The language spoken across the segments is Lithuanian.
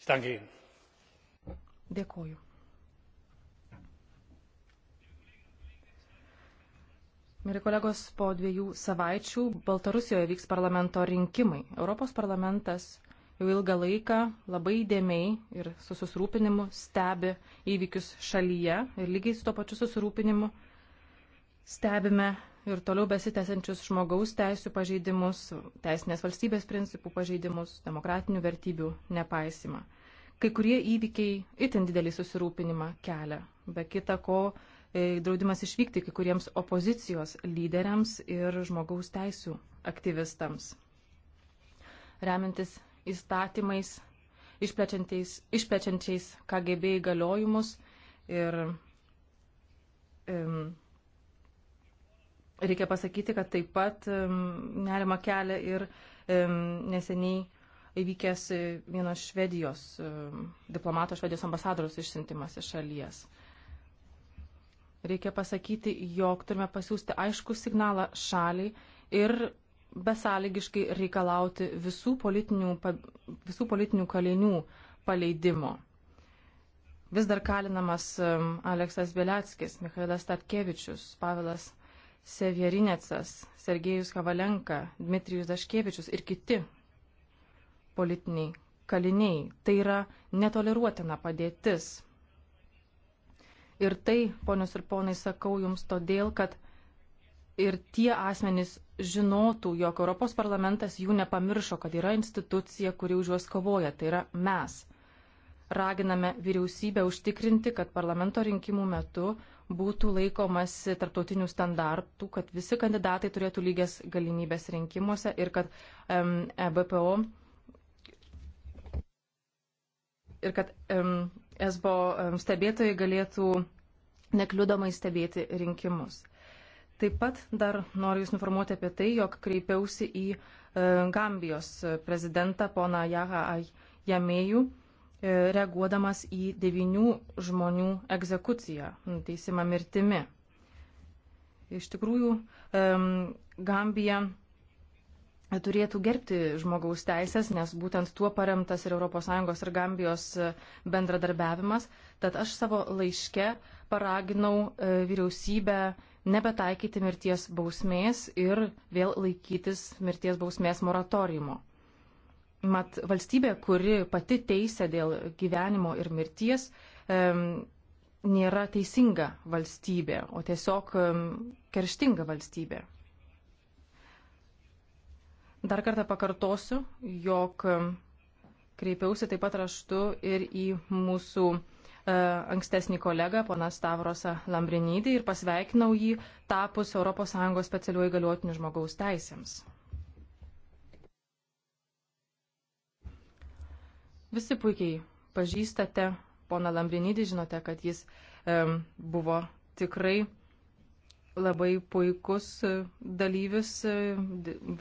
Ich danke Ihnen. Dėkoju. Mėly kolegos, po dviejų savaičių Baltarusijoje vyks parlamento rinkimai. Europos parlamentas jau ilgą laiką labai įdėmiai ir su susirūpinimu stebi įvykius šalyje ir lygiai su to pačiu susirūpinimu stebime ir toliau besitęsiančius žmogaus teisų pažeidimus, teisinės valstybės principų pažeidimus, demokratinių vertybių nepaisimą. Kai kurie įvykiai itin didelį susirūpinimą kelia, be kita ko e, draudimas išvykti kai kuriems opozicijos lyderiams ir žmogaus teisų aktyvistams. Remintis įstatymais, išplečiančiais KGB įgaliojimus ir Reikia pasakyti, kad taip pat nerima kelia ir neseniai įvykęs e, vienos švedijos diplomato, švedijos ambasadoriaus išsintimas iš šalies. Reikia pasakyti, jog turime pasiūsti aišku signalą šaliai ir besąlygiškai reikalauti visų politinių, visų politinių kalinių paleidimo. Vis dar kalinamas Aleksas Bieleckis, Mikhailas Tatkevičius, Pavelas Sevjerinecas, Sergejus Kavalenka, Dmitrijus Daškevičius ir kiti politiniai kaliniai. Tai yra netoleruotina padėtis. Ir tai, ponios ir ponai, sakau jums todėl, kad ir tie asmenys žinotų, jog Europos parlamentas jų nepamiršo, kad yra institucija, kuri už juos kovoja, tai yra mes. Raginame vyriausybę užtikrinti, kad parlamento rinkimų metu būtų laikomasi tarptautinių standartų, kad visi kandidatai turėtų lygias galimybės rinkimuose ir kad um, e BPO ir kad um, esbo um, stebėtojai galėtų nekliudomai stebėti rinkimus. Taip pat dar noriu Jūs informuoti apie tai, jog kreipiausi į uh, Gambijos prezidentą poną Jaha Jamėjų. Uh, E, reaguodamas į devinių žmonių egzekuciją, teisimą mirtimi. Iš tikrųjų, Gambija turėtų gerbti žmogaus teisės, nes būtent tuo paremtas ir ES ir Gambijos e, bendradarbiavimas. Tad aš savo laiške paraginau e, vyriausybę nebetaikyti mirties bausmės ir vėl laikytis mirties bausmės moratoriumo. Mat valstybė, kuri pati teisė dėl gyvenimo ir mirties, nėra teisinga valstybė, o tiesiog kerštinga valstybė. Dar kartą pakartosiu, jog kreipiausi taip pat raštu ir į mūsų e, ankstesnį kolegą, poną Stavrosą Lambrinydį, ir pasveikinau jį tapus ES specialiuoju galiotiniu žmogaus teisėms. Visi puikiai pažįstate poną Lambrinidį, žinote, kad jis um, buvo tikrai labai puikus e, dalyvis e,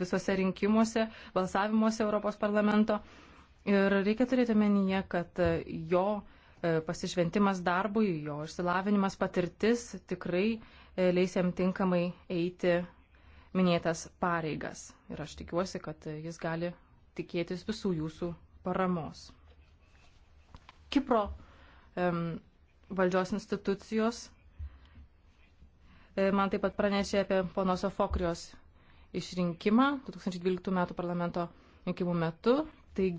visose rinkimuose, balsavimuose Europos parlamento. Ir reikia turėti menyje, kad e, jo pasišventimas darbui, jo išsilavinimas, patirtis tikrai leis jam tinkamai eiti minėtas pareigas. Ir aš tikiuosi, kad jis gali tikėtis visų jūsų paramos. Kipro um, valdžios institucijos e, man taip pat pranešė apie pono Sofokrijos išrinkimą 2012 m. parlamento rinkimų metu.